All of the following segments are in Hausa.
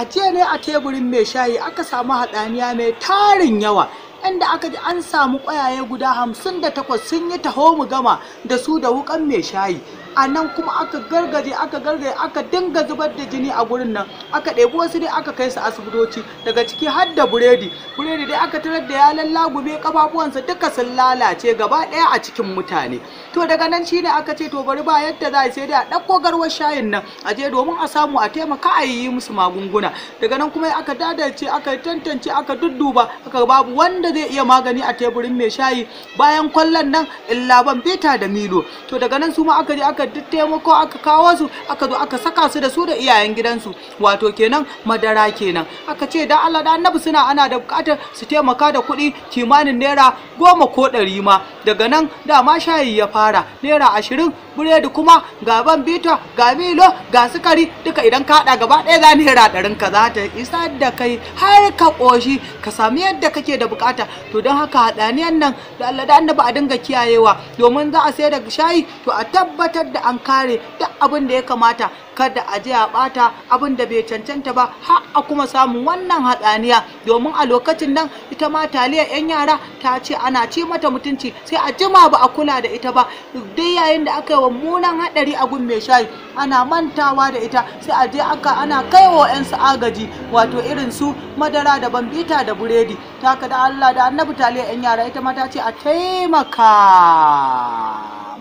a jiya ne a teburin mai shayi aka samu haɗaniya mai tarin yawa inda aka ji an samu ƙwayaye guda hamsin da takwas sun yi taho mu gama da su da wukan mai shayi a nan kuma aka gargaje aka gargaje aka dinga zubar da jini a gurin nan aka ɗebi wasu dai aka kai su asibitoci daga ciki har da buredi buredi dai aka tarar da ya lallagume kafafuwansa duka sun lalace gaba ɗaya a cikin mutane to daga nan shine aka ce to bari ba yadda za sai dai a ɗauko garwar shayin nan a je domin a samu a taimaka a yi musu magunguna daga nan kuma aka dadace aka tantance aka dudduba aka babu wanda zai iya magani a teburin mai shayi bayan kwallon nan illa ban beta da milo to daga nan su ma aka je aka duk taimako aka kawo su aka zo aka saka su da su da iyayen gidansu wato kenan madara kenan aka ce da Allah da annabi suna ana da bukatar su taimaka da kuɗi kimanin naira goma ko ɗari ma daga nan dama shayi ya fara naira ashirin buredi kuma gaban bito ga milo ga sukari duka idan ka haɗa gaba ɗaya za naira ɗarin ka za ta isa da kai har ka ƙoshi ka sami yadda kake da bukata to don haka haɗaniyan nan da Allah da annabi a dinga kiyayewa domin za a sayar da shayi to a tabbatar yadda an kare duk abin da ya kamata kada a je a bata abin da bai cancanta ba har a kuma samu wannan hatsaniya domin a lokacin nan ita ma taliya yan yara ta ce ana ci mata mutunci sai a jima ba a kula da ita ba duk yayin da aka yi wa munan hadari a gun mai shayi ana mantawa da ita sai a je aka ana kaiwa yan su agaji wato irin su madara da bambita da buredi ta da Allah da annabi taliya yan yara ita ma ta ce a taimaka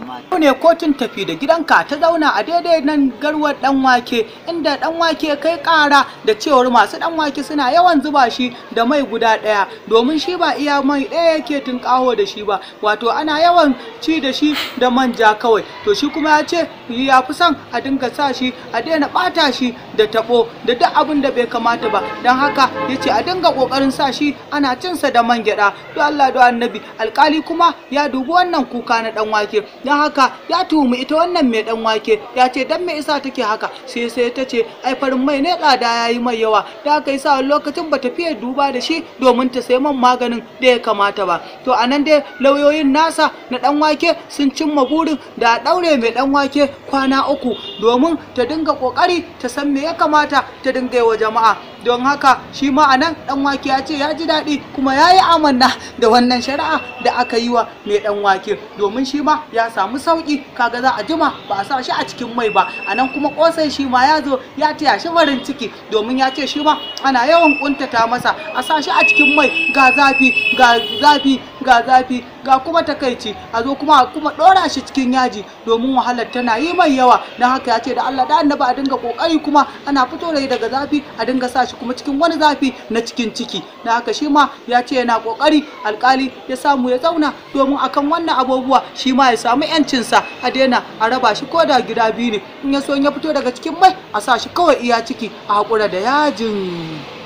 amma ne kotun tafi da gidanka ta zauna a daidai nan garwar dan wake inda dan wake kai kara da cewar masu dan wake suna yawan zuba shi da mai guda daya domin shi ba iya mai daya yake tunkaho da shi ba wato ana yawan ci da shi da manja kawai to shi kuma ya ce ya fi son a dinga sa shi a daina bata shi da tabo da duk abin da bai kamata ba don haka ya ce a dinga kokarin sa shi ana cinsa da man gyada to Allah da annabi alkali kuma ya dubi wannan kuka na dan wake don haka ya tuhumi ita wannan mai dan wake ya ce dan mai isa take haka sai sai ta ce ai farin mai ne tsada yayi mai yawa da haka yasa lokacin ba ta fiye duba da shi domin ta sayi man maganin da ya kamata ba to anan dai lauyoyin nasa na dan wake sun cimma burin da a daure mai dan wake kwana uku domin ta dinga kokari ta san me ya kamata ta dinga yi wa jama'a don haka shi ma a nan dan wake ya ce ya ji daɗi kuma ya yi amanna da wannan shari'a da aka yi wa mai dan wake domin shi ma ya samu sauki kaga za a jima ba a sa shi a cikin mai ba a nan kuma ƙosai shi ma ya zo ya taya shi farin ciki domin ya ce shi ma ana yawan ƙuntata masa a sa shi a cikin mai ga zafi ga zafi ga zafi ga kuma takaici a zo kuma a kuma dora shi cikin yaji domin wahalar tana yi mai yawa na haka ya ce da Allah da annaba a dinga kokari kuma ana fito da daga zafi a dinga sa shi kuma cikin wani zafi na cikin ciki na haka shi ma ya ce yana kokari alkali ya samu ya zauna domin akan wannan abubuwa shi ma ya samu yancin sa a daina a raba shi ko da gida biyu ne in ya so in ya fito daga cikin mai a sa shi kawai iya ciki a hakura da yajin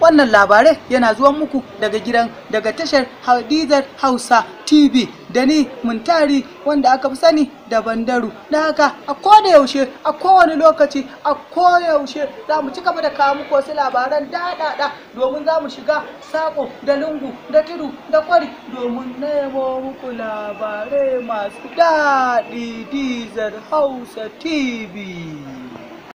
wannan labarai yana zuwan muku daga gidan daga tashar hadizar hausa tv da ni muntari wanda aka fi sani da bandaru Na haka a koda yaushe a kowane lokaci a koyaushe za mu ci gaba da kawo muku wasu labaran daɗaɗa domin za mu shiga sako da lungu da tudu da kwari domin nemo muku labarai masu daɗi dizar hausa tv